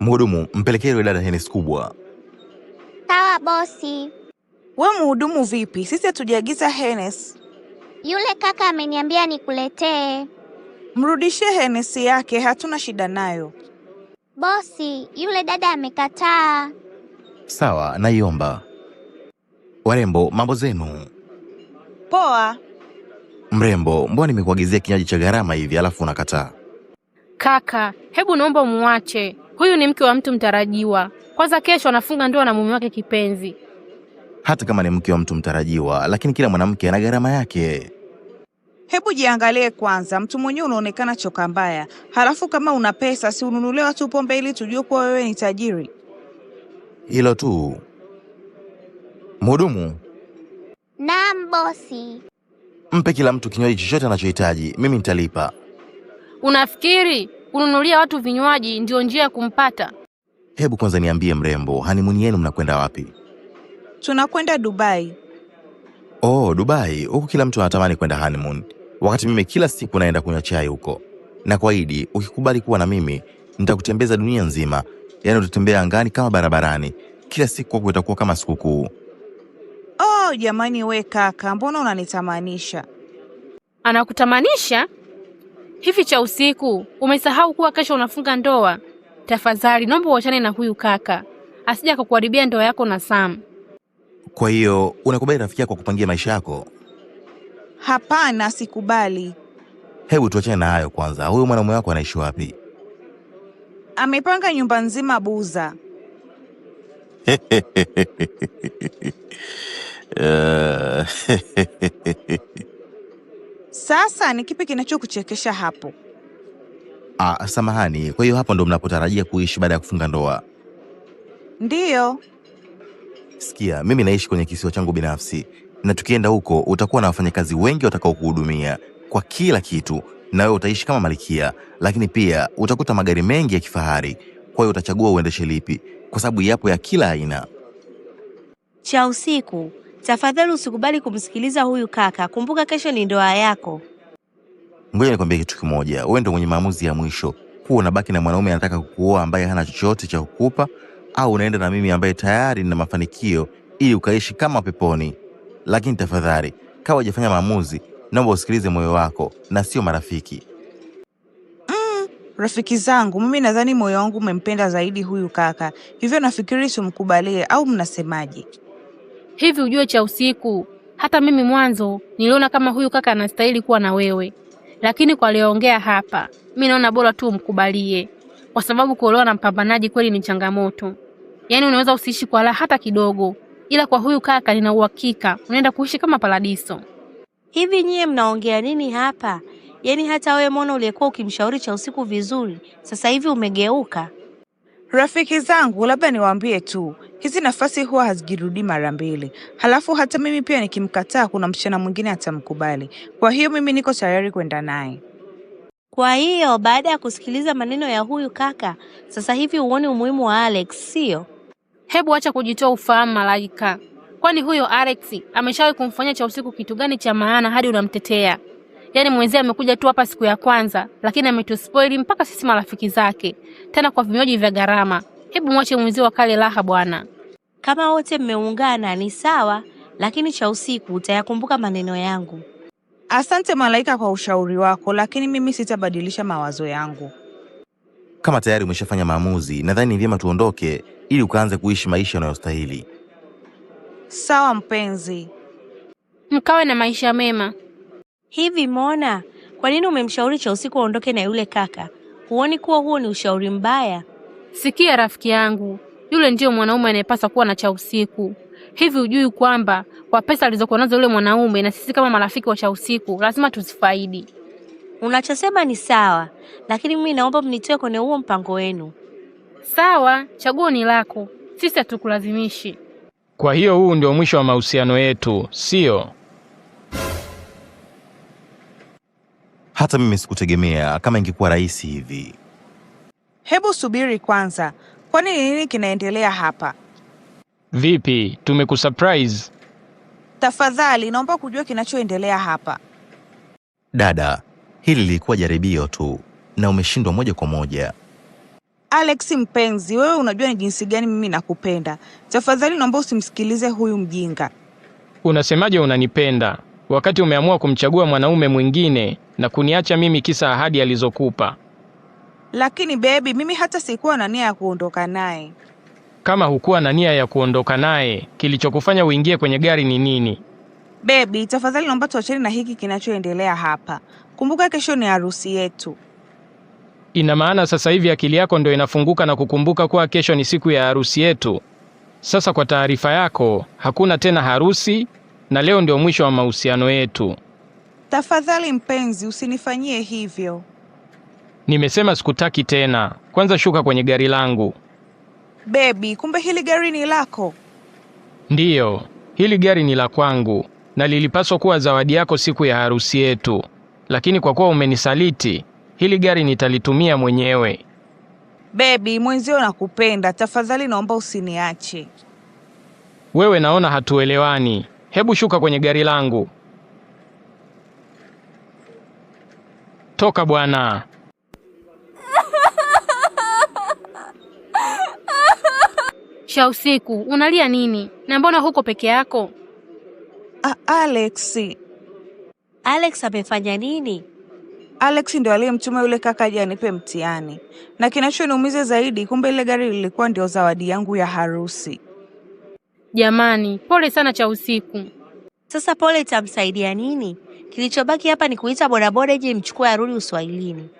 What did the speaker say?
Mhudumu, mpelekee yule dada henesi kubwa. Sawa bosi. We mhudumu, vipi? Sisi hatujaagiza henesi. Yule kaka ameniambia nikuletee. Mrudishie henesi yake, hatuna shida nayo. Bosi, yule dada amekataa. Sawa, naiomba. Warembo, mambo zenu? Poa. Mrembo, mbona nimekuagizia kinywaji cha gharama hivi alafu unakataa? Kaka, hebu naomba muache. Huyu ni mke wa mtu mtarajiwa. Kwanza kesho anafunga ndoa na mume wake kipenzi. Hata kama ni mke wa mtu mtarajiwa, lakini kila mwanamke ana gharama yake. Hebu jiangalie kwanza, mtu mwenyewe unaonekana choka mbaya, halafu kama una pesa, si ununulie tu pombe ili tujue kuwa wewe ni tajiri? Hilo tu. Mhudumu. Naam bosi. Mpe kila mtu kinywaji chochote anachohitaji, mimi nitalipa. Unafikiri kununulia watu vinywaji ndio njia ya kumpata? Hebu kwanza niambie mrembo, hanimuni yenu mnakwenda wapi? Tunakwenda Dubai. Oh, Dubai huku kila mtu anatamani kwenda honeymoon, wakati mimi kila siku naenda kunywa chai huko. Na kwaidi, ukikubali kuwa na mimi nitakutembeza dunia nzima, yaani utatembea angani kama barabarani. Kila siku kwako itakuwa kama sikukuu. Oh, jamani we kaka, mbona unanitamanisha? Anakutamanisha? Hivi cha usiku umesahau kuwa kesho unafunga ndoa? Tafadhali naomba uachane na huyu kaka asija akakuharibia ndoa yako na Sam. Kwa hiyo unakubali rafiki yako kupangia maisha yako? Hapana, sikubali. Hebu tuachane na hayo kwanza. Huyu mwanamume wako anaishi wapi? Amepanga nyumba nzima Buza. Eh. Sasa ni kipi kinachokuchekesha hapo? Ah, samahani. Kwa hiyo hapo ndo mnapotarajia kuishi baada ya kufunga ndoa? Ndiyo. Sikia, mimi naishi kwenye kisiwa changu binafsi, na tukienda huko utakuwa na wafanyakazi wengi watakaokuhudumia kwa kila kitu, na wewe utaishi kama malikia lakini pia utakuta magari mengi ya kifahari. Kwa hiyo utachagua uendeshe lipi, kwa sababu yapo ya kila aina. Cha usiku Tafadhali usikubali kumsikiliza huyu kaka, kumbuka kesho ni ndoa yako. Ngoja nikwambie kitu kimoja, wewe ndio mwenye maamuzi ya mwisho. Kuwa unabaki na mwanaume anataka kukuoa ambaye hana chochote cha kukupa, au unaenda na mimi ambaye tayari nina mafanikio ili ukaishi kama peponi. Lakini tafadhali, kama hujafanya maamuzi, naomba usikilize moyo wako na sio marafiki. Mm, rafiki zangu, mimi nadhani moyo wangu umempenda zaidi huyu kaka, hivyo nafikiri tumkubalie, au mnasemaje? Hivi ujue cha usiku, hata mimi mwanzo niliona kama huyu kaka anastahili kuwa na wewe, lakini kwa aliyoongea hapa, mi naona bora tu umkubalie, kwa sababu kuolewa na mpambanaji kweli ni changamoto. Yaani unaweza usiishi kwa raha hata kidogo, ila kwa huyu kaka nina uhakika unaenda kuishi kama paradiso. Hivi nyie mnaongea nini hapa? Yaani hata wewe Mona uliyekuwa ukimshauri cha usiku vizuri, sasa hivi umegeuka. Rafiki zangu, labda niwaambie tu, hizi nafasi huwa hazijirudi mara mbili, halafu hata mimi pia nikimkataa, kuna msichana mwingine atamkubali. Kwa hiyo mimi niko tayari kwenda naye. Kwa hiyo baada ya kusikiliza maneno ya huyu kaka, sasa hivi huoni umuhimu wa Alex, sio? Hebu acha kujitoa ufahamu, Malaika. Kwani huyo Alex ameshawahi kumfanyia cha usiku kitu gani cha maana hadi unamtetea? Yaani mwenzie amekuja tu hapa siku ya kwanza, lakini ametuspoili mpaka sisi marafiki zake, tena kwa vinywaji vya gharama. Hebu mwache mwenzie wakale raha bwana. Kama wote mmeungana ni sawa, lakini cha usiku utayakumbuka maneno yangu. Asante Malaika kwa ushauri wako, lakini mimi sitabadilisha mawazo yangu. Kama tayari umeshafanya maamuzi, nadhani ni vyema tuondoke ili ukaanze kuishi maisha yanayostahili Sawa mpenzi, mkawe na maisha mema. Hivi Mona, kwa nini umemshauri cha usiku aondoke na yule kaka? Huoni kuwa huo ni ushauri mbaya? Sikia rafiki yangu, yule ndiyo mwanaume anayepaswa kuwa na Chausiku. Hivi hujui kwamba kwa pesa alizokuwa nazo yule mwanaume na sisi kama marafiki wa Chausiku lazima tuzifaidi? Unachosema ni sawa, lakini mimi naomba mnitoe kwenye huo mpango wenu. Sawa, chaguo ni lako, sisi hatukulazimishi. Kwa hiyo huu ndio mwisho wa mahusiano yetu, sio? Hata mimi sikutegemea kama ingekuwa rahisi hivi. Hebu subiri kwanza, kwani nini kinaendelea hapa? Vipi, tumekusurprise? Tafadhali naomba kujua kinachoendelea hapa. Dada, hili lilikuwa jaribio tu na umeshindwa moja kwa moja. Alex mpenzi, wewe unajua ni jinsi gani mimi nakupenda. Tafadhali naomba usimsikilize huyu mjinga. Unasemaje unanipenda? wakati umeamua kumchagua mwanaume mwingine na kuniacha mimi kisa ahadi alizokupa. Lakini bebi, mimi hata sikuwa na nia ya kuondoka naye. Kama hukuwa na nia ya kuondoka naye, kilichokufanya uingie kwenye gari ni nini? Bebi, tafadhali naomba tuachane na hiki kinachoendelea hapa. Kumbuka kesho ni harusi yetu. Ina maana sasa hivi akili yako ndio inafunguka na kukumbuka kuwa kesho ni siku ya harusi yetu. Sasa kwa taarifa yako, hakuna tena harusi na leo ndio mwisho wa mahusiano yetu. Tafadhali mpenzi, usinifanyie hivyo. Nimesema sikutaki tena. Kwanza shuka kwenye gari langu. Bebi, kumbe hili gari ni lako? Ndiyo, hili gari ni la kwangu na lilipaswa kuwa zawadi yako siku ya harusi yetu, lakini kwa kuwa umenisaliti, hili gari nitalitumia mwenyewe. Bebi mwenzio, nakupenda. Tafadhali naomba usiniache. Wewe naona hatuelewani. Hebu shuka kwenye gari langu. Toka bwana. Shausiku, unalia nini? Na mbona huko peke yako? A Alex. Alex amefanya nini? Alex ndio aliyemtuma yule kaka aje anipe mtihani, na kinachoniumiza zaidi, kumbe ile gari lilikuwa ndio zawadi yangu ya harusi. Jamani, pole sana cha usiku. Sasa pole itamsaidia nini? Kilichobaki hapa ni kuita bodaboda ije imchukue arudi Uswahilini.